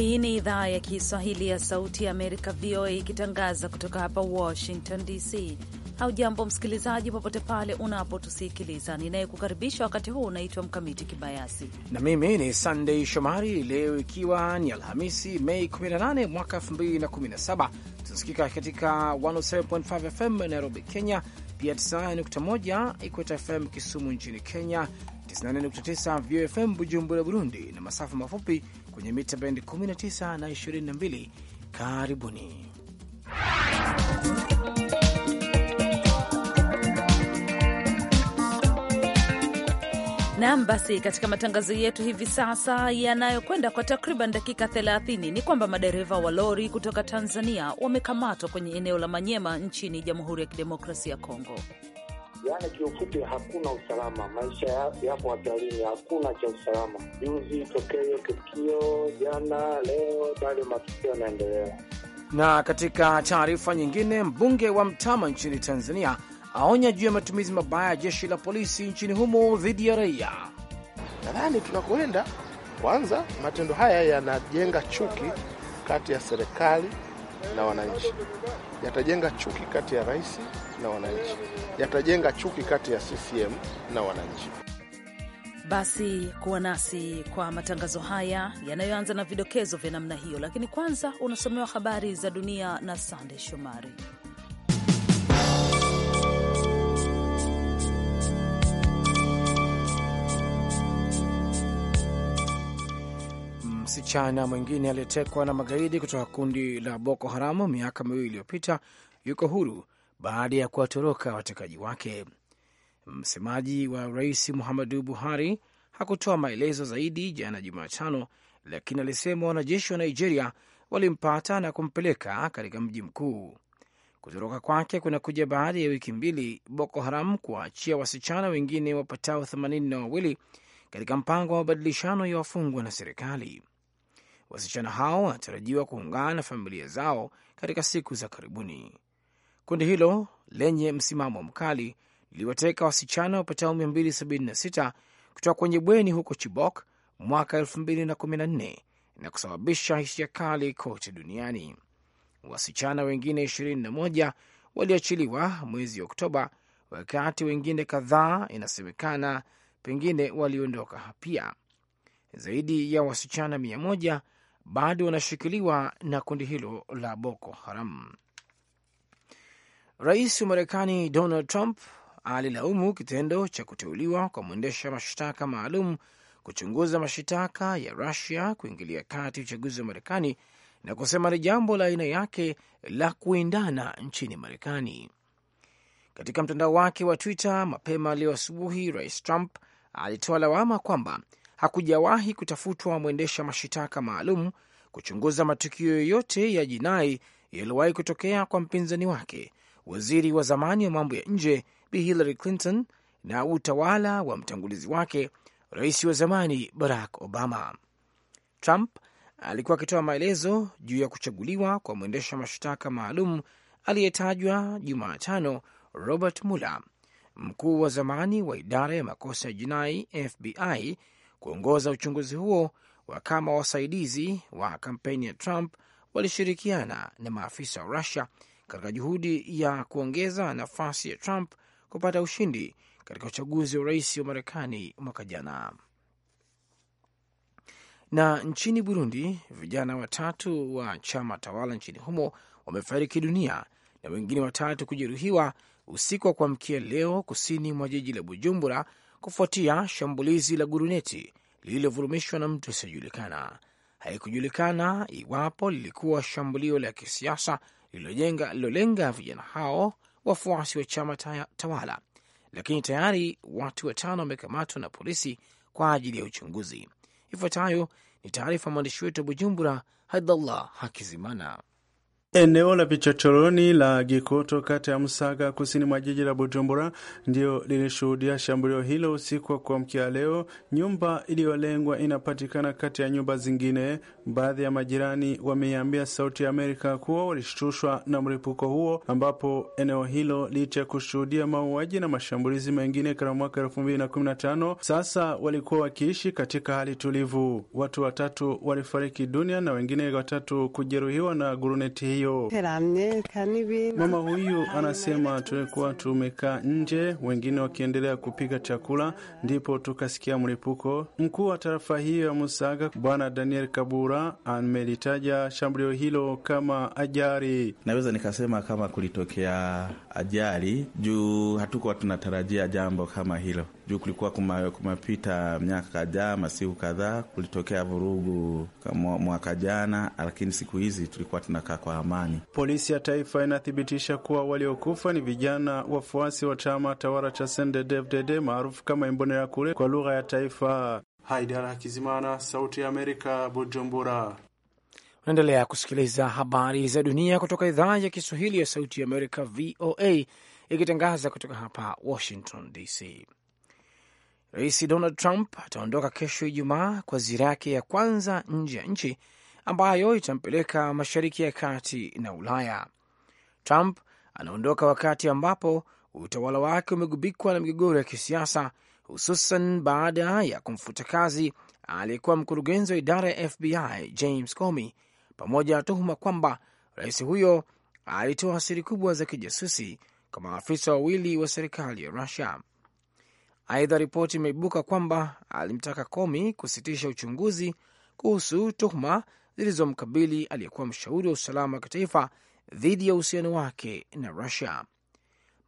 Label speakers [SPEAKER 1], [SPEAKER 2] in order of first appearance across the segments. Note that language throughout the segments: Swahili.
[SPEAKER 1] Hii ni idhaa ya Kiswahili ya Sauti ya Amerika, VOA, ikitangaza kutoka hapa Washington DC. Haujambo msikilizaji, popote pale unapotusikiliza. Ninayekukaribisha wakati huu unaitwa Mkamiti Kibayasi
[SPEAKER 2] na mimi ni Sandei Shomari. Leo ikiwa ni Alhamisi, Mei 18 mwaka 2017, tunasikika katika 107.5 FM Nairobi, Kenya, pia 91 Ikweta FM Kisumu nchini Kenya, 98.9 VFM Bujumbura, Burundi, na masafa mafupi kwenye mita bendi 19 na 22. Karibuni
[SPEAKER 1] nam. Basi, katika matangazo yetu hivi sasa yanayokwenda kwa takriban dakika 30 ni kwamba madereva wa lori kutoka Tanzania wamekamatwa kwenye eneo la Manyema nchini Jamhuri ya Kidemokrasia ya Kongo.
[SPEAKER 3] Yaani kiufupi, hakuna usalama, maisha yapo hatarini, hakuna cha usalama. Juzi tokea hiyo tukio, jana, leo bado matukio yanaendelea.
[SPEAKER 2] Na katika taarifa nyingine, mbunge wa Mtama nchini Tanzania aonya juu ya matumizi mabaya ya jeshi la polisi nchini humo dhidi ya raia. Nadhani tunakoenda, kwanza, matendo haya yanajenga chuki
[SPEAKER 4] kati ya serikali na wananchi, yatajenga chuki kati ya rais na wananchi yatajenga chuki kati ya CCM na wananchi.
[SPEAKER 1] Basi kuwa nasi kwa matangazo haya yanayoanza na vidokezo vya namna hiyo, lakini kwanza unasomewa habari za dunia na Sande Shomari.
[SPEAKER 2] Msichana mwingine aliyetekwa na magaidi kutoka kundi la Boko Haramu miaka miwili iliyopita yuko huru baada ya kuwatoroka watekaji wake. Msemaji wa rais Muhammadu Buhari hakutoa maelezo zaidi jana Jumatano, lakini alisema wanajeshi wa Nigeria walimpata na kumpeleka katika mji mkuu. Kutoroka kwake kunakuja baada ya wiki mbili Boko Haram kuwaachia wasichana wengine wapatao themanini na wawili katika mpango wa mabadilishano ya wafungwa na serikali. Wasichana hao wanatarajiwa kuungana na familia zao katika siku za karibuni. Kundi hilo lenye msimamo mkali liliwateka wasichana wapatao 276 kutoka kwenye bweni huko Chibok mwaka 2014 na kusababisha hisia kali kote duniani. Wasichana wengine 21 waliachiliwa mwezi Oktoba, wakati wengine kadhaa inasemekana pengine waliondoka pia. Zaidi ya wasichana 1 bado wanashikiliwa na kundi hilo la Boko Haram. Rais wa Marekani Donald Trump alilaumu kitendo cha kuteuliwa kwa mwendesha mashtaka maalum kuchunguza mashitaka ya Rusia kuingilia kati uchaguzi wa Marekani na kusema ni jambo la aina yake la kuendana nchini Marekani. Katika mtandao wake wa Twitter mapema leo asubuhi, Rais Trump alitoa lawama kwamba hakujawahi kutafutwa mwendesha mashitaka maalum kuchunguza matukio yoyote ya jinai yaliyowahi kutokea kwa mpinzani wake waziri wa zamani wa mambo ya nje Bi Hillary Clinton na utawala wa mtangulizi wake rais wa zamani Barack Obama. Trump alikuwa akitoa maelezo juu ya kuchaguliwa kwa mwendesha mashtaka maalum aliyetajwa Jumatano, Robert Mueller, mkuu wa zamani wa idara ya makosa ya jinai FBI, kuongoza uchunguzi huo wa kama wasaidizi wa kampeni ya Trump walishirikiana na maafisa wa Rusia katika juhudi ya kuongeza nafasi ya Trump kupata ushindi katika uchaguzi wa rais wa Marekani mwaka jana. Na nchini Burundi, vijana watatu wa chama tawala nchini humo wamefariki dunia na wengine watatu kujeruhiwa usiku wa kuamkia leo kusini mwa jiji la Bujumbura kufuatia shambulizi la guruneti lililovurumishwa na mtu asiyojulikana. Haikujulikana iwapo lilikuwa shambulio la kisiasa lililolenga vijana hao wafuasi wa chama tawala, lakini tayari watu watano wamekamatwa na polisi kwa ajili ya uchunguzi. Ifuatayo ni taarifa mwandishi wetu wa Bujumbura, Haidallah Hakizimana.
[SPEAKER 5] Eneo la vichochoroni la Gikoto kata ya Msaga kusini mwa jiji la Bujumbura ndio lilishuhudia shambulio hilo usiku wa kuamkia leo. Nyumba iliyolengwa inapatikana kati ya nyumba zingine. Baadhi ya majirani wameiambia Sauti ya Amerika kuwa walishtushwa na mlipuko huo, ambapo eneo hilo licha ya kushuhudia mauaji na mashambulizi mengine katika mwaka tano sasa walikuwa wakiishi katika hali tulivu. Watu watatu walifariki dunia na wengine watatu kujeruhiwa na guruneti hiyo
[SPEAKER 6] hiyo. Mama
[SPEAKER 5] huyu anasema tulikuwa tumekaa nje, wengine wakiendelea kupika chakula, ndipo tukasikia mlipuko. Mkuu wa tarafa hiyo ya Musaga, Bwana Daniel Kabura, amelitaja shambulio hilo kama ajali. Naweza nikasema kama kulitokea ajali juu hatukuwa tunatarajia jambo kama hilo juu kulikuwa kumepita
[SPEAKER 4] miaka kadhaa, masiku kadhaa, kulitokea vurugu mwaka jana, lakini siku hizi tulikuwa tunakaa kwa amani.
[SPEAKER 5] Polisi ya taifa inathibitisha kuwa waliokufa ni vijana wafuasi wa chama tawala cha CNDD-FDD maarufu kama Imbonerakure kwa lugha ya
[SPEAKER 2] taifa. Haidara
[SPEAKER 5] Kizimana, Sauti ya Amerika, Bujumbura.
[SPEAKER 2] Unaendelea kusikiliza habari za dunia kutoka idhaa ya Kiswahili ya Sauti ya Amerika, VOA, ikitangaza kutoka hapa Washington DC. Rais Donald Trump ataondoka kesho Ijumaa kwa ziara yake ya kwanza nje ya nchi ambayo itampeleka Mashariki ya Kati na Ulaya. Trump anaondoka wakati ambapo utawala wake umegubikwa na migogoro ya kisiasa, hususan baada ya kumfuta kazi aliyekuwa mkurugenzi wa idara ya FBI James Comey, pamoja na tuhuma kwamba rais huyo alitoa siri kubwa za kijasusi kwa maafisa wawili wa serikali ya Rusia. Aidha, ripoti imeibuka kwamba alimtaka Komi kusitisha uchunguzi kuhusu tuhuma zilizomkabili aliyekuwa mshauri wa usalama wa kitaifa dhidi ya uhusiano wake na Rusia.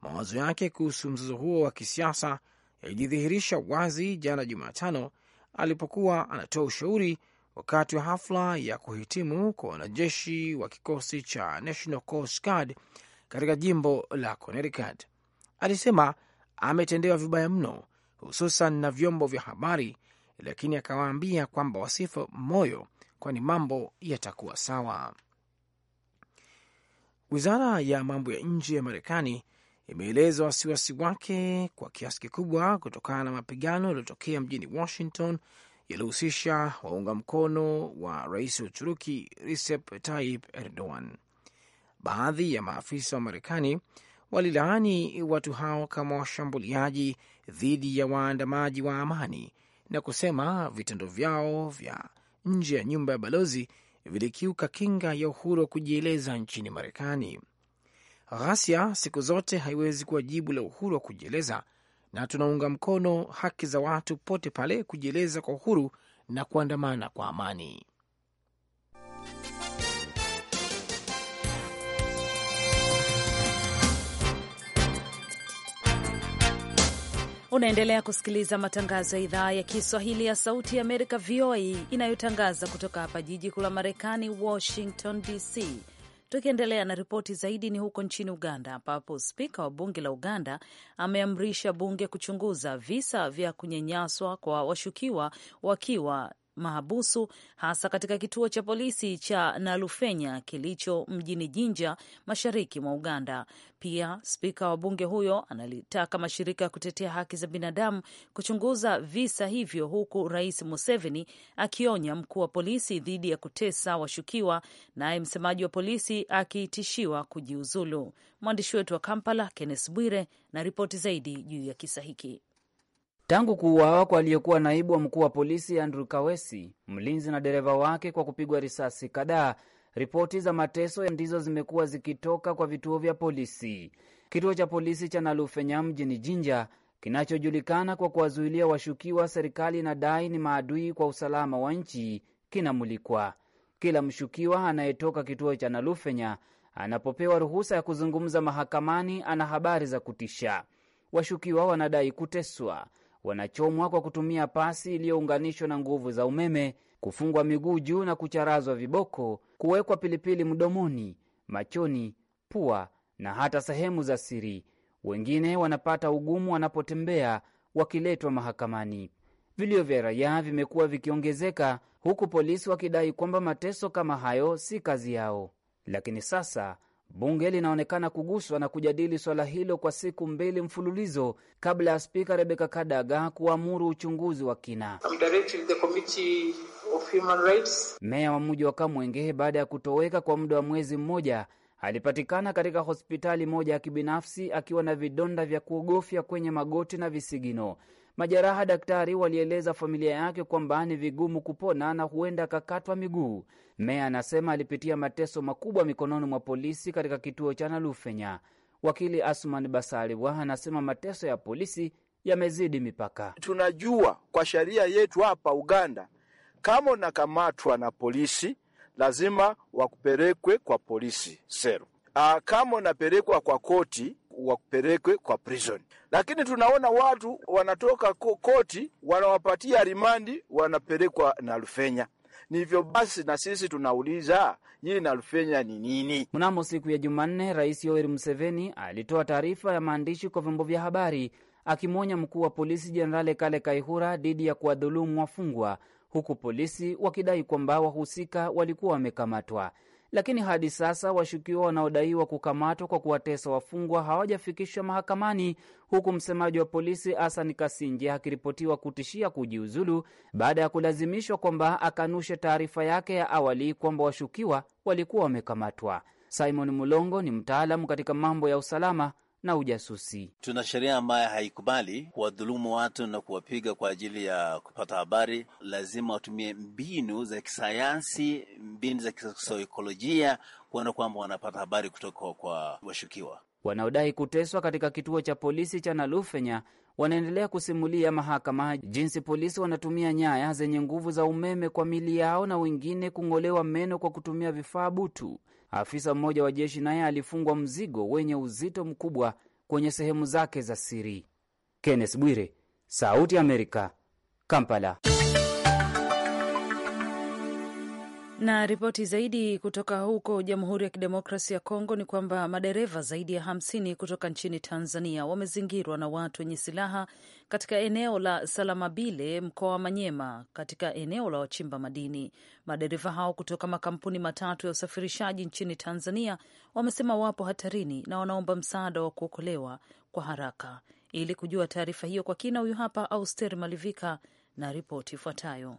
[SPEAKER 2] Mawazo yake kuhusu mzozo huo wa kisiasa yalijidhihirisha wazi jana Jumatano alipokuwa anatoa ushauri wakati wa hafla ya kuhitimu kwa wanajeshi wa kikosi cha National Coast Guard katika jimbo la Connecticut. Alisema ametendewa vibaya mno hususan na vyombo vya habari, lakini akawaambia kwamba wasife moyo, kwani mambo yatakuwa sawa. Wizara ya mambo ya nje ya Marekani imeeleza wasiwasi wake kwa kiasi kikubwa kutokana na mapigano yaliyotokea mjini Washington yaliyohusisha waunga mkono wa rais wa Uturuki Recep Tayyip Erdogan. Baadhi ya maafisa wa Marekani walilaani watu hao kama washambuliaji dhidi ya waandamaji wa amani na kusema vitendo vyao vya nje ya nyumba ya balozi vilikiuka kinga ya uhuru wa kujieleza nchini Marekani. Ghasia siku zote haiwezi kuwa jibu la uhuru wa kujieleza, na tunaunga mkono haki za watu pote pale kujieleza kwa uhuru na kuandamana kwa amani.
[SPEAKER 1] Unaendelea kusikiliza matangazo ya idhaa ya Kiswahili ya Sauti ya Amerika, VOA, inayotangaza kutoka hapa jiji kuu la Marekani, Washington DC. Tukiendelea na ripoti zaidi, ni huko nchini Uganda ambapo spika wa bunge la Uganda ameamrisha bunge kuchunguza visa vya kunyanyaswa kwa washukiwa wakiwa mahabusu, hasa katika kituo cha polisi cha Nalufenya kilicho mjini Jinja, mashariki mwa Uganda. Pia spika wa bunge huyo analitaka mashirika ya kutetea haki za binadamu kuchunguza visa hivyo, huku Rais Museveni akionya mkuu wa polisi dhidi ya kutesa washukiwa, naye msemaji wa polisi akiitishiwa kujiuzulu. Mwandishi wetu wa Kampala, Kenneth Bwire, na ripoti zaidi juu ya kisa hiki
[SPEAKER 7] tangu kuuawa kwa aliyekuwa naibu wa mkuu wa polisi Andrew Kawesi, mlinzi na dereva wake kwa kupigwa risasi kadhaa. Ripoti za mateso ndizo zimekuwa zikitoka kwa vituo vya polisi. Kituo cha polisi cha Nalufenya mjini Jinja kinachojulikana kwa kuwazuilia washukiwa serikali inadai ni maadui kwa usalama wa nchi kinamulikwa. Kila mshukiwa anayetoka kituo cha Nalufenya anapopewa ruhusa ya kuzungumza mahakamani ana habari za kutisha. Washukiwa wanadai kuteswa, wanachomwa kwa kutumia pasi iliyounganishwa na nguvu za umeme, kufungwa miguu juu na kucharazwa viboko, kuwekwa pilipili mdomoni, machoni, pua na hata sehemu za siri. Wengine wanapata ugumu wanapotembea wakiletwa mahakamani. Vilio vya raia vimekuwa vikiongezeka, huku polisi wakidai kwamba mateso kama hayo si kazi yao, lakini sasa Bunge linaonekana kuguswa na kujadili swala hilo kwa siku mbili mfululizo kabla ya spika Rebeka Kadaga kuamuru uchunguzi wa kina. Meya wa mji wa Kamwenge, baada ya kutoweka kwa muda wa mwezi mmoja, alipatikana katika hospitali moja ya kibinafsi akiwa na vidonda vya kuogofya kwenye magoti na visigino majeraha. Daktari walieleza familia yake kwamba ni vigumu kupona na huenda akakatwa miguu. Meya anasema alipitia mateso makubwa mikononi mwa polisi katika kituo cha Nalufenya. Wakili Asman Basaliwa anasema mateso ya polisi yamezidi mipaka. Tunajua kwa sheria yetu hapa Uganda, kama unakamatwa na polisi lazima
[SPEAKER 4] wakupelekwe kwa polisi sero. Aa, ah, kama unapelekwa kwa koti wapelekwe kwa prison. Lakini tunaona watu wanatoka koti, wanawapatia rimandi, wanapelekwa na Rufenya. Ni hivyo basi, na sisi tunauliza
[SPEAKER 7] hii Nalufenya ni nini? Mnamo siku ya Jumanne, Rais Yoweri Museveni alitoa taarifa ya maandishi kwa vyombo vya habari akimwonya mkuu wa polisi Jenerali Kale Kaihura dhidi ya kuwadhulumu wafungwa, huku polisi wakidai kwamba wahusika walikuwa wamekamatwa lakini hadi sasa washukiwa wanaodaiwa kukamatwa kwa kuwatesa wafungwa hawajafikishwa mahakamani, huku msemaji wa polisi Hasan Kasinje akiripotiwa kutishia kujiuzulu baada ya kulazimishwa kwamba akanushe taarifa yake ya awali kwamba washukiwa walikuwa wamekamatwa. Simon Mulongo ni mtaalamu katika mambo ya usalama na ujasusi.
[SPEAKER 8] Tuna sheria ambayo haikubali kuwadhulumu watu na kuwapiga kwa ajili ya kupata habari. Lazima watumie mbinu za kisayansi, mbinu za kisaikolojia kuona kwamba wanapata habari kutoka kwa washukiwa.
[SPEAKER 7] Wanaodai kuteswa katika kituo cha polisi cha Nalufenya wanaendelea kusimulia mahakama jinsi polisi wanatumia nyaya zenye nguvu za umeme kwa mili yao na wengine kung'olewa meno kwa kutumia vifaa butu. Afisa mmoja wa jeshi naye alifungwa mzigo wenye uzito mkubwa kwenye sehemu zake za siri. Kenneth Bwire, Sauti ya Amerika, Kampala.
[SPEAKER 1] Na ripoti zaidi kutoka huko Jamhuri ya Kidemokrasia ya Kongo ni kwamba madereva zaidi ya hamsini kutoka nchini Tanzania wamezingirwa na watu wenye silaha katika eneo la Salamabile, mkoa wa Manyema, katika eneo la wachimba madini. Madereva hao kutoka makampuni matatu ya usafirishaji nchini Tanzania wamesema wapo hatarini na wanaomba msaada wa kuokolewa kwa haraka. Ili kujua taarifa hiyo kwa kina, huyu hapa Auster Malivika na ripoti ifuatayo.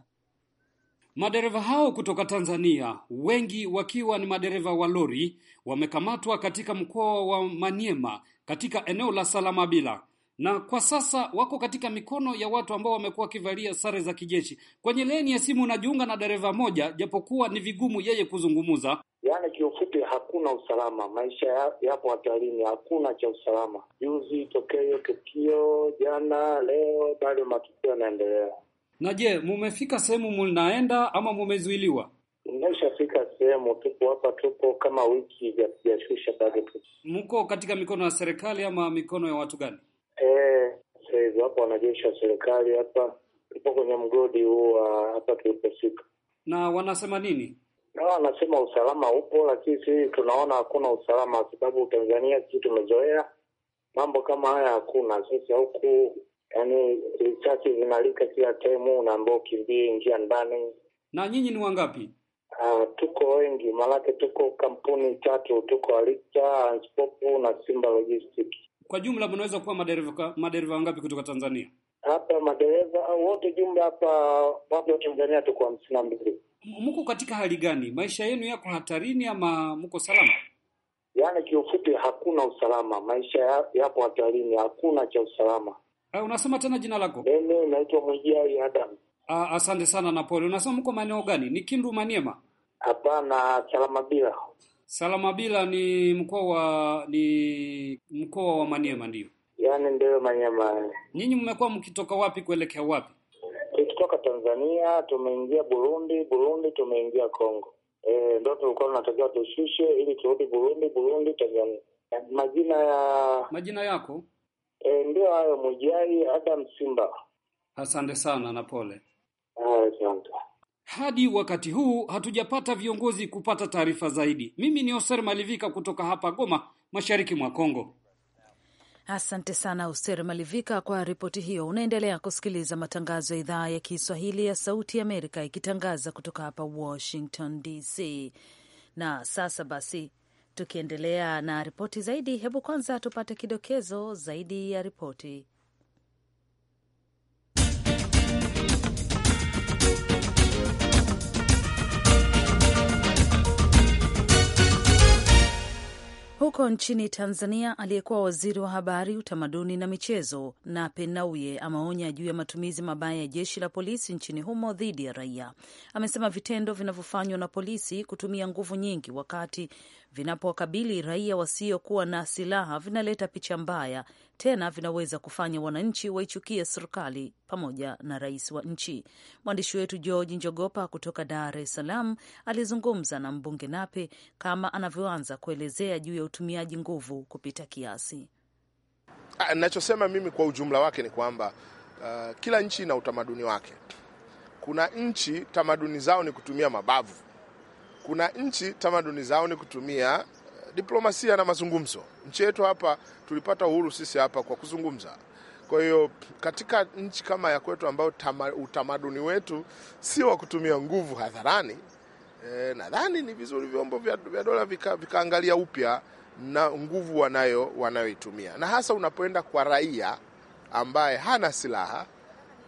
[SPEAKER 9] Madereva hao kutoka Tanzania, wengi wakiwa ni madereva wa lori, wamekamatwa katika mkoa wa Maniema katika eneo la Salamabila, na kwa sasa wako katika mikono ya watu ambao wamekuwa wakivalia sare za kijeshi. Kwenye leni ya simu unajiunga na dereva moja, japokuwa ni vigumu yeye kuzungumuza.
[SPEAKER 3] Yaani kiufupi, hakuna usalama, maisha yapo hatarini, hakuna cha usalama. Juzi tokeo tukio, jana, leo bado matukio yanaendelea.
[SPEAKER 9] Na je, mumefika sehemu mnaenda ama mumezuiliwa? Nimeshafika sehemu, tupo hapa, tupo kama
[SPEAKER 3] wiki hatujashusha bado.
[SPEAKER 9] Mko katika mikono ya serikali ama mikono ya watu gani?
[SPEAKER 3] Eh, sasa hapo wanajeshi wa serikali hapa, tupo kwenye mgodi huu hapa tulipofika.
[SPEAKER 9] Na wanasema nini?
[SPEAKER 3] Na wanasema usalama upo, lakini sisi tunaona hakuna usalama, kwa sababu Tanzania sisi tumezoea mambo kama haya, hakuna. Sasa huku yani risasi zinalika kila temu, naambao kimbie njia ndani.
[SPEAKER 9] Na nyinyi ni wangapi?
[SPEAKER 3] Uh, tuko wengi maanake tuko kampuni tatu, tuko Alita, Anspopu na Simba Logistics.
[SPEAKER 9] Kwa jumla mnaweza kuwa madereva madereva wangapi kutoka Tanzania?
[SPEAKER 3] Hapa madereva au wote jumla hapa wapo Tanzania tuko hamsini na mbili.
[SPEAKER 9] Mko katika hali gani? Maisha yenu yako hatarini ama mko salama?
[SPEAKER 3] Yaani kiufupi, hakuna usalama, maisha yapo hatarini, hakuna cha usalama.
[SPEAKER 9] Uh, unasema tena jina lako? Mimi naitwa Mwijai Adam. Uh, asante sana Napoli. Unasema mko maeneo gani? Ni Kindu Maniema?
[SPEAKER 3] Hapana, Salamabila.
[SPEAKER 9] Salamabila ni mkoa wa ni mkoa wa Maniema ndio.
[SPEAKER 3] Yaani ndio Maniema.
[SPEAKER 9] Nyinyi mmekuwa mkitoka wapi kuelekea wapi?
[SPEAKER 3] Tukitoka Tanzania, tumeingia Burundi, Burundi tumeingia Kongo. Eh, ndio tulikuwa tunatakiwa tushushe ili turudi Burundi, Burundi Tanzania. Majina ya majina yako? E, ndio hayo Mujai Adam Simba.
[SPEAKER 9] Asante sana na pole.
[SPEAKER 3] Ah,
[SPEAKER 9] Hadi wakati huu hatujapata viongozi kupata taarifa zaidi. Mimi ni Oser Malivika kutoka hapa Goma, mashariki mwa Kongo.
[SPEAKER 1] Asante sana Oser Malivika kwa ripoti hiyo. Unaendelea kusikiliza matangazo ya idhaa ya Kiswahili ya Sauti Amerika ikitangaza kutoka hapa Washington DC. Na sasa basi Tukiendelea na ripoti zaidi, hebu kwanza tupate kidokezo zaidi ya ripoti. Huko nchini Tanzania, aliyekuwa waziri wa habari, utamaduni na michezo Nape Nnauye ameonya juu ya matumizi mabaya ya jeshi la polisi nchini humo dhidi ya raia. Amesema vitendo vinavyofanywa na polisi kutumia nguvu nyingi wakati vinapowakabili raia wasiokuwa na silaha vinaleta picha mbaya, tena vinaweza kufanya wananchi waichukie serikali pamoja na rais wa nchi. Mwandishi wetu George Njogopa kutoka Dar es Salaam alizungumza na mbunge Nape kama anavyoanza kuelezea juu ya utumiaji nguvu kupita kiasi.
[SPEAKER 4] Ah, Nachosema mimi kwa ujumla wake ni kwamba uh, kila nchi ina utamaduni wake. Kuna nchi tamaduni zao ni kutumia mabavu kuna nchi tamaduni zao ni kutumia diplomasia na mazungumzo. Nchi yetu hapa tulipata uhuru sisi hapa kwa kuzungumza. Kwa hiyo katika nchi kama ya kwetu ambayo tama, utamaduni wetu sio wa kutumia nguvu hadharani e, nadhani ni vizuri vyombo vya, vya dola vikaangalia vika upya na nguvu wanayo wanayoitumia, na hasa unapoenda kwa raia ambaye hana silaha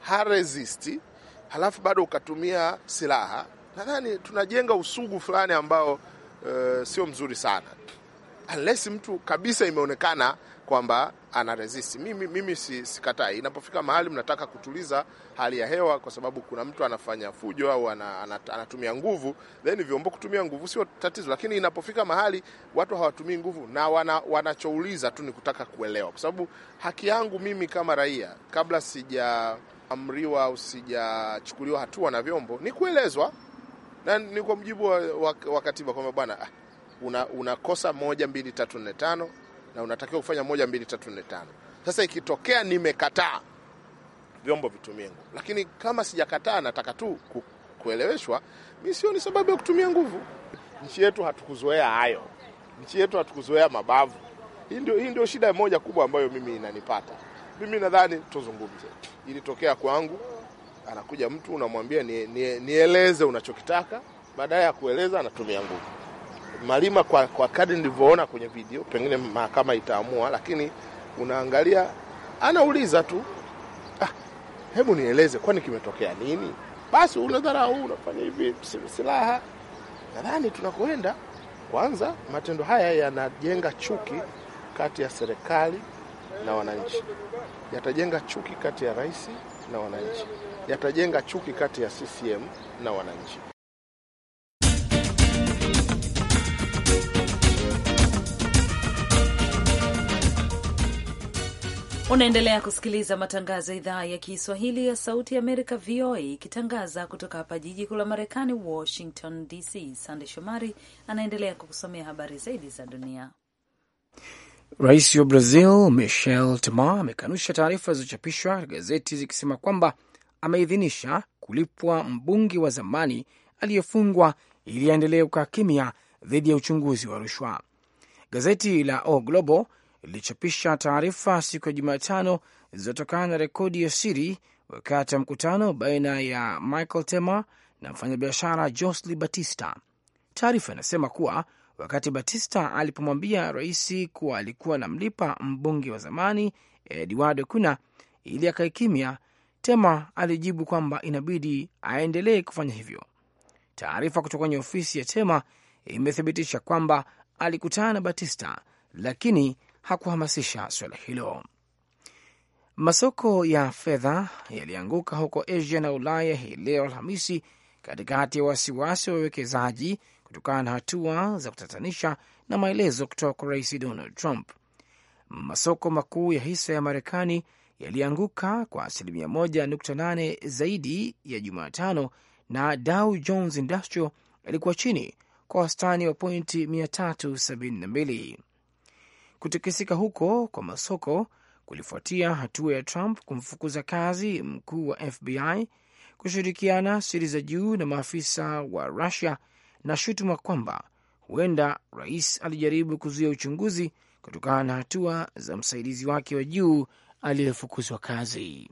[SPEAKER 4] haresisti, halafu bado ukatumia silaha nadhani tunajenga usugu fulani ambao uh, sio mzuri sana, unless mtu kabisa imeonekana kwamba ana resist. Mimi, mimi sikatai. Inapofika mahali mnataka kutuliza hali ya hewa, kwa sababu kuna mtu anafanya fujo au anatumia nguvu, then vyombo kutumia nguvu sio tatizo, lakini inapofika mahali watu hawatumii nguvu na wana, wanachouliza tu ni kutaka kuelewa, kwa sababu haki yangu mimi kama raia kabla sijaamriwa au sijachukuliwa hatua na vyombo ni kuelezwa na ni kwa mjibu wa, wa, wa katiba kwamba bwana ah, una, unakosa moja mbili tatu nne tano na unatakiwa kufanya moja mbili tatu nne tano. Sasa ikitokea nimekataa, vyombo vitumie nguvu, lakini kama sijakataa, nataka tu kueleweshwa, mi sioni sababu ya kutumia nguvu. Nchi yetu hatukuzoea hayo, nchi yetu hatukuzoea mabavu. Hii ndio, hii ndio shida moja kubwa ambayo mimi inanipata mimi. Nadhani tuzungumze, ilitokea kwangu Anakuja mtu unamwambia ni, ni, nieleze unachokitaka. baadaye ya kueleza anatumia nguvu. Malima kwa, kwa kadri nilivyoona kwenye video, pengine mahakama itaamua, lakini unaangalia anauliza tu ah, hebu nieleze, kwani kimetokea nini? Basi unadharau, unafanya hivi, silaha. Nadhani tunakoenda kwanza, matendo haya yanajenga chuki kati ya serikali na wananchi, yatajenga chuki kati ya rais na wananchi yatajenga chuki kati ya CCM na wananchi.
[SPEAKER 1] Unaendelea kusikiliza matangazo ya idhaa ya Kiswahili ya Sauti ya Amerika, VOA, ikitangaza kutoka hapa jiji kuu la Marekani, Washington DC. Sande Shomari anaendelea kukusomea habari zaidi za dunia.
[SPEAKER 2] Rais wa Brazil Michel Temer amekanusha taarifa zilizochapishwa katika gazeti zikisema kwamba ameidhinisha kulipwa mbunge wa zamani aliyefungwa ili aendelee kukaa kimya dhidi ya uchunguzi wa rushwa. Gazeti la O Globo lilichapisha taarifa siku ya Jumatano zilizotokana na rekodi ya siri wakati ya mkutano baina ya Michael Temer na mfanyabiashara Josli Batista. Taarifa inasema kuwa wakati Batista alipomwambia rais kuwa alikuwa anamlipa mbunge wa zamani Eduardo Kuna ili akae kimya, Tema alijibu kwamba inabidi aendelee kufanya hivyo. Taarifa kutoka kwenye ofisi ya Tema imethibitisha kwamba alikutana na Batista lakini hakuhamasisha suala hilo. Masoko ya fedha yalianguka huko Asia na Ulaya hii leo Alhamisi, katikati ya wasiwasi wa wawekezaji kutokana na hatua za kutatanisha na maelezo kutoka kwa Rais Donald Trump. Masoko makuu ya hisa ya Marekani yalianguka kwa asilimia 1.8 zaidi ya Jumatano, na Dow Jones Industrial yalikuwa chini kwa wastani wa pointi 372. Kutikisika huko kwa masoko kulifuatia hatua ya Trump kumfukuza kazi mkuu wa FBI kushirikiana siri za juu na maafisa wa Rusia na shutuma kwamba huenda rais alijaribu kuzuia uchunguzi kutokana na hatua za msaidizi wake wa juu aliyefukuzwa kazi.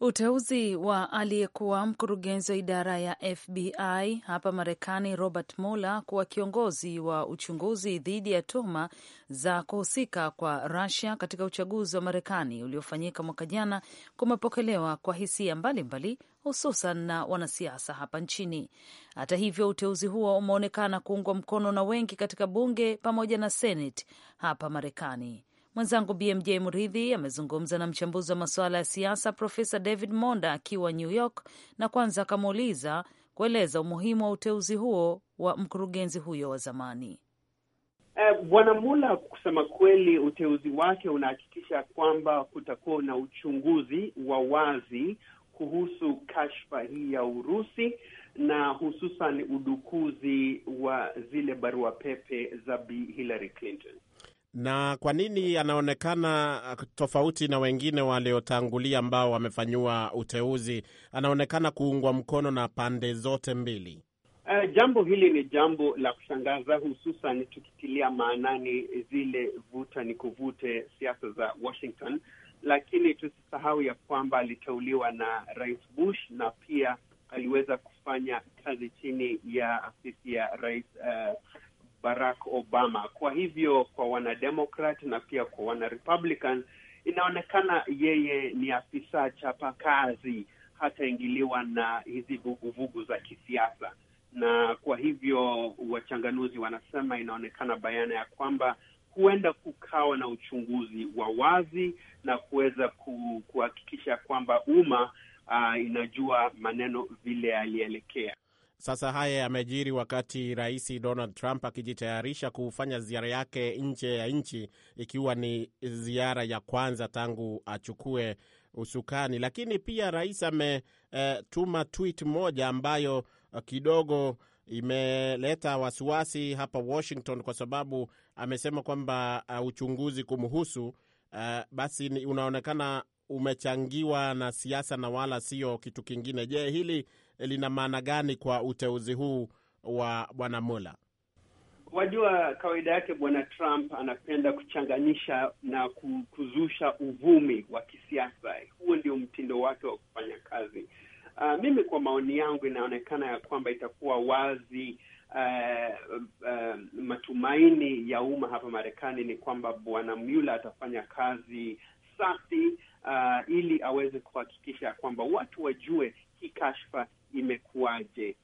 [SPEAKER 1] Uteuzi wa aliyekuwa mkurugenzi wa idara ya FBI hapa Marekani, Robert Mueller, kuwa kiongozi wa uchunguzi dhidi ya tuhuma za kuhusika kwa Russia katika uchaguzi wa Marekani uliofanyika mwaka jana kumepokelewa kwa hisia mbalimbali, hususan na wanasiasa hapa nchini. Hata hivyo, uteuzi huo umeonekana kuungwa mkono na wengi katika bunge pamoja na Senate hapa Marekani. Mwenzangu BMJ Mridhi amezungumza na mchambuzi wa masuala ya siasa Profesa David Monda akiwa New York, na kwanza akamuuliza kueleza umuhimu wa uteuzi huo wa mkurugenzi huyo wa zamani.
[SPEAKER 10] Eh, Bwana eh, Mula, kusema kweli, uteuzi wake unahakikisha kwamba kutakuwa na uchunguzi wa wazi kuhusu kashfa hii ya Urusi na hususan udukuzi wa zile barua pepe za Bi Hillary Clinton.
[SPEAKER 8] Na kwa nini anaonekana tofauti na wengine waliotangulia ambao wamefanyiwa uteuzi? Anaonekana kuungwa mkono na pande zote mbili.
[SPEAKER 10] Uh, jambo hili ni jambo la kushangaza, hususan tukitilia maanani zile vuta ni kuvute siasa za Washington, lakini tusisahau ya kwamba aliteuliwa na Rais Bush na pia aliweza kufanya kazi chini ya afisi ya Rais uh, Barack Obama. Kwa hivyo kwa wanademokrat na pia kwa wanarepublican, inaonekana yeye ni afisa chapa kazi, hataingiliwa na hizi vuguvugu za kisiasa, na kwa hivyo wachanganuzi wanasema inaonekana bayana ya kwamba huenda kukawa na uchunguzi wa wazi na kuweza kuhakikisha kwamba umma uh, inajua maneno vile yalielekea.
[SPEAKER 8] Sasa haya yamejiri wakati Rais Donald Trump akijitayarisha kufanya ziara yake nje ya nchi, ikiwa ni ziara ya kwanza tangu achukue usukani. Lakini pia rais ametuma e, tweet moja ambayo kidogo imeleta wasiwasi hapa Washington kwa sababu amesema kwamba uh, uchunguzi kumhusu uh, basi unaonekana umechangiwa na siasa na wala sio kitu kingine. Je, hili lina maana gani kwa uteuzi huu wa bwana Mula?
[SPEAKER 10] Wajua, kawaida yake bwana Trump anapenda kuchanganyisha na kuzusha uvumi wa kisiasa. Huo ndio mtindo wake wa kufanya kazi. Uh, mimi kwa maoni yangu inaonekana ya kwamba itakuwa wazi Uh, uh, matumaini ya umma hapa Marekani ni kwamba bwana Mueller atafanya kazi safi, uh, ili aweze kuhakikisha kwamba watu wajue hii kashfa imekuwaje.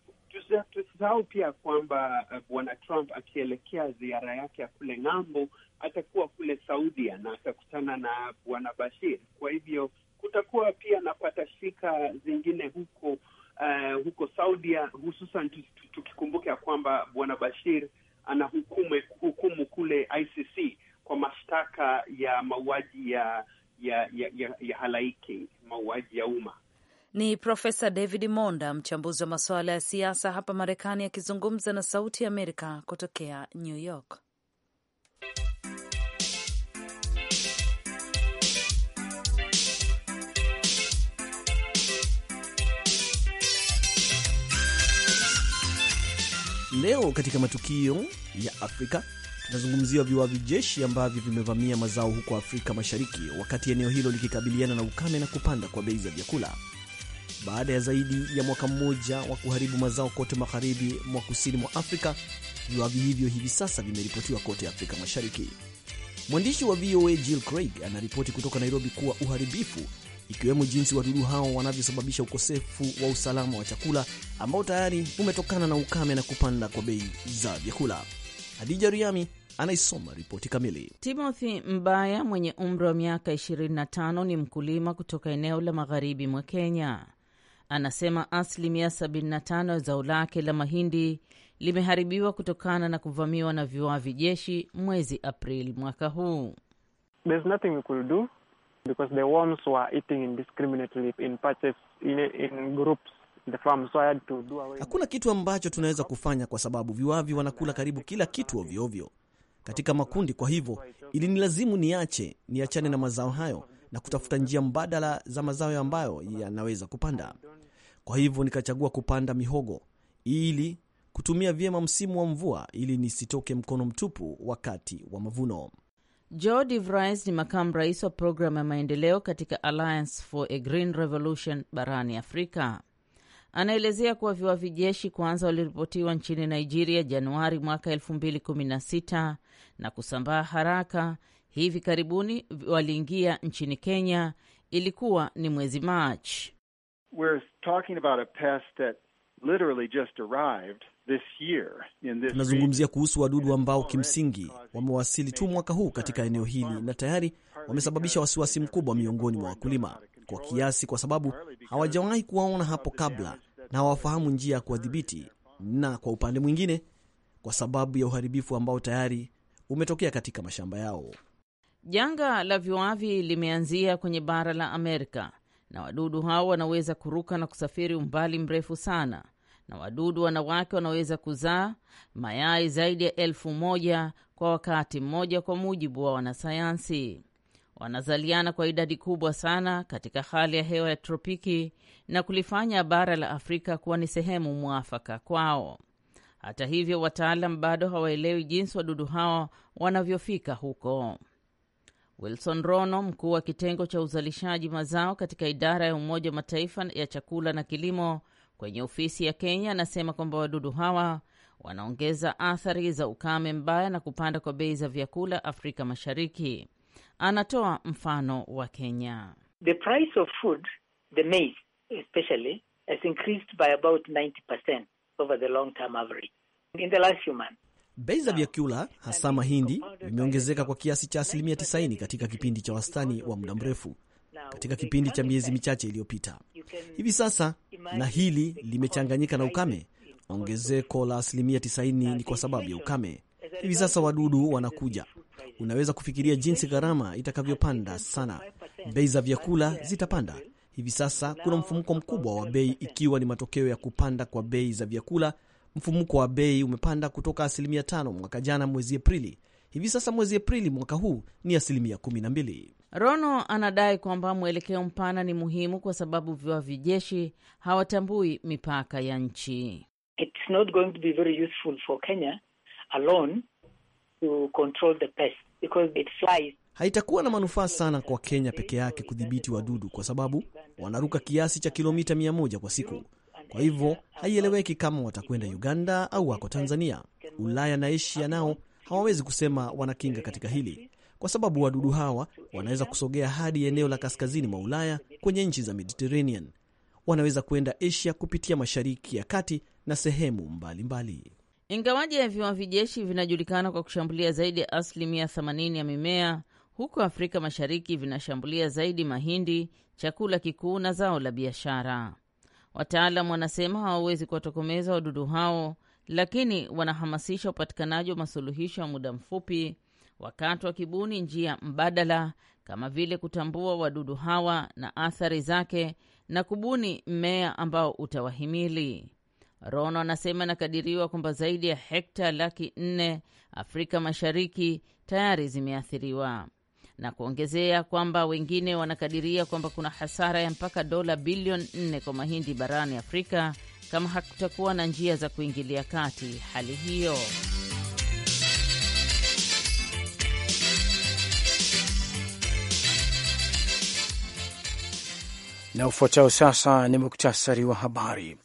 [SPEAKER 10] Tusisahau pia kwamba eh, bwana Trump akielekea ziara yake ya kule ng'ambo atakuwa kule Saudia na atakutana na bwana Bashir. Kwa hivyo kutakuwa pia na patashika zingine huko, uh, huko Saudia, hususan tukikumbuka ya kwamba bwana Bashir ana hukumu kule ICC kwa mashtaka ya mauaji ya ya, ya, ya, ya halaiki, mauaji ya umma.
[SPEAKER 1] Ni Profesa David Monda, mchambuzi wa masuala ya siasa hapa Marekani, akizungumza na Sauti ya Amerika kutokea New York.
[SPEAKER 11] Leo katika matukio ya Afrika tunazungumzia viwavi jeshi ambavyo vimevamia mazao huko Afrika Mashariki, wakati eneo hilo likikabiliana na ukame na kupanda kwa bei za vyakula baada ya zaidi ya mwaka mmoja wa kuharibu mazao kote magharibi mwa kusini mwa Afrika. Viwavi hivyo hivi sasa vimeripotiwa kote Afrika Mashariki. Mwandishi wa VOA Jill Craig anaripoti kutoka Nairobi kuwa uharibifu, ikiwemo jinsi wadudu hao wanavyosababisha ukosefu wa usalama wa chakula ambao tayari umetokana na ukame na kupanda kwa bei za vyakula. Hadija Riami anaisoma ripoti kamili.
[SPEAKER 6] Timothy Mbaya mwenye umri wa miaka 25 ni mkulima kutoka eneo la magharibi mwa Kenya. Anasema asilimia 75 ya zao lake la mahindi limeharibiwa kutokana na kuvamiwa na viwavi jeshi mwezi Aprili mwaka huu.
[SPEAKER 11] Hakuna kitu ambacho tunaweza kufanya kwa sababu viwavi wanakula karibu kila kitu ovyoovyo katika makundi. Kwa hivyo ilinilazimu niache niachane na mazao hayo na kutafuta njia mbadala za mazao ambayo yanaweza kupanda. Kwa hivyo nikachagua kupanda mihogo ili kutumia vyema msimu wa mvua ili nisitoke mkono mtupu wakati wa mavuno.
[SPEAKER 6] Jordi Vrais ni makamu rais wa programu ya maendeleo katika Alliance for a Green Revolution barani Afrika. Anaelezea kuwa viwavi jeshi kwanza waliripotiwa nchini Nigeria Januari mwaka 2016 na kusambaa haraka hivi karibuni waliingia nchini Kenya, ilikuwa ni mwezi Machi.
[SPEAKER 10] Tunazungumzia
[SPEAKER 11] kuhusu wadudu ambao kimsingi wamewasili tu mwaka huu katika eneo hili na tayari wamesababisha wasiwasi mkubwa miongoni mwa wakulima kwa kiasi, kwa sababu hawajawahi kuwaona hapo kabla na hawafahamu njia ya kuwadhibiti, na kwa upande mwingine, kwa sababu ya uharibifu ambao tayari umetokea katika mashamba yao.
[SPEAKER 6] Janga la viwavi limeanzia kwenye bara la Amerika na wadudu hao wanaweza kuruka na kusafiri umbali mrefu sana, na wadudu wanawake wanaweza kuzaa mayai zaidi ya elfu moja kwa wakati mmoja, kwa mujibu wa wanasayansi. Wanazaliana kwa idadi kubwa sana katika hali ya hewa ya tropiki na kulifanya bara la Afrika kuwa ni sehemu mwafaka kwao. Hata hivyo, wataalam bado hawaelewi jinsi wadudu hao wanavyofika huko. Wilson Rono, mkuu wa kitengo cha uzalishaji mazao katika idara ya Umoja wa Mataifa ya chakula na kilimo kwenye ofisi ya Kenya, anasema kwamba wadudu hawa wanaongeza athari za ukame mbaya na kupanda kwa bei za vyakula Afrika Mashariki. Anatoa mfano wa Kenya.
[SPEAKER 7] The price of food, the maize especially, has increased by about 90% over the long term average. In the last few months,
[SPEAKER 11] Bei za vyakula hasa mahindi vimeongezeka kwa kiasi cha asilimia 90 katika kipindi cha wastani wa muda mrefu katika kipindi cha miezi michache iliyopita. Hivi sasa na hili limechanganyika na ukame. Ongezeko la asilimia 90 ni kwa sababu ya ukame. Hivi sasa wadudu wanakuja. Unaweza kufikiria jinsi gharama itakavyopanda sana. Bei za vyakula zitapanda. Hivi sasa kuna mfumuko mkubwa wa bei, ikiwa ni matokeo ya kupanda kwa bei za vyakula mfumuko wa bei umepanda kutoka asilimia tano mwaka jana mwezi Aprili. Hivi sasa mwezi Aprili mwaka huu ni asilimia kumi na mbili.
[SPEAKER 6] Rono anadai kwamba mwelekeo mpana ni muhimu kwa sababu viwa vijeshi hawatambui mipaka ya nchi.
[SPEAKER 7] It's not going to be very useful for Kenya alone to control the pest because it flies.
[SPEAKER 6] Haitakuwa na manufaa
[SPEAKER 11] sana kwa Kenya peke yake kudhibiti wadudu kwa sababu wanaruka kiasi cha kilomita mia moja kwa siku. Kwa hivyo haieleweki kama watakwenda Uganda au wako Tanzania. Ulaya na Asia nao hawawezi kusema wanakinga katika hili, kwa sababu wadudu hawa wanaweza kusogea hadi eneo la kaskazini mwa Ulaya kwenye nchi za Mediterranean. Wanaweza kwenda Asia kupitia Mashariki ya Kati na sehemu mbalimbali.
[SPEAKER 6] Ingawaji ya viwa vijeshi vinajulikana kwa kushambulia zaidi ya asilimia 80 ya mimea, huko Afrika Mashariki vinashambulia zaidi mahindi, chakula kikuu na zao la biashara. Wataalam wanasema hawawezi kuwatokomeza wadudu hao, lakini wanahamasisha upatikanaji wa masuluhisho ya muda mfupi wakati wakibuni njia mbadala, kama vile kutambua wadudu hawa na athari zake na kubuni mmea ambao utawahimili. Rono anasema inakadiriwa kwamba zaidi ya hekta laki nne Afrika Mashariki tayari zimeathiriwa na kuongezea kwamba wengine wanakadiria kwamba kuna hasara ya mpaka dola bilioni nne kwa mahindi barani Afrika kama hakutakuwa na njia za kuingilia kati hali hiyo.
[SPEAKER 2] Na ufuatao sasa ni muktasari wa habari.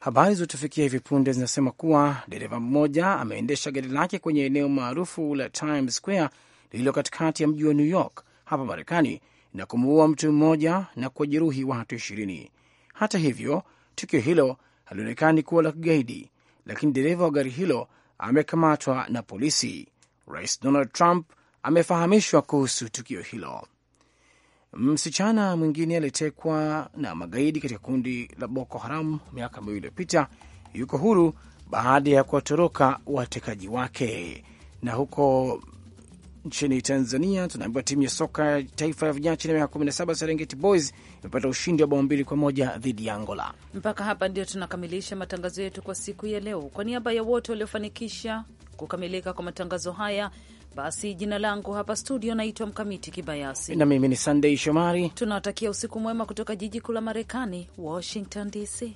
[SPEAKER 2] Habari zilizotufikia hivi punde zinasema kuwa dereva mmoja ameendesha gari lake kwenye eneo maarufu la Times Square lililo katikati ya mji wa New York hapa Marekani na kumuua mtu mmoja na kuwajeruhi watu ishirini. Hata hivyo, tukio hilo halionekani kuwa la kigaidi, lakini dereva wa gari hilo amekamatwa na polisi. Rais Donald Trump amefahamishwa kuhusu tukio hilo. Msichana mwingine aliyetekwa na magaidi katika kundi la Boko Haram miaka miwili iliyopita yuko huru baada ya kuwatoroka watekaji wake. Na huko nchini Tanzania tunaambiwa timu ya soka taifa ya vijana chini ya miaka 17 Serengeti Boys imepata ushindi wa bao mbili kwa moja dhidi ya Angola.
[SPEAKER 1] Mpaka hapa ndio tunakamilisha matangazo yetu kwa siku ya leo. Kwa niaba ya wote waliofanikisha kukamilika kwa matangazo haya, basi jina langu hapa studio naitwa Mkamiti Kibayasi
[SPEAKER 2] na mimi ni Sandei Shomari.
[SPEAKER 1] Tunawatakia usiku mwema kutoka jiji kuu la Marekani, Washington DC.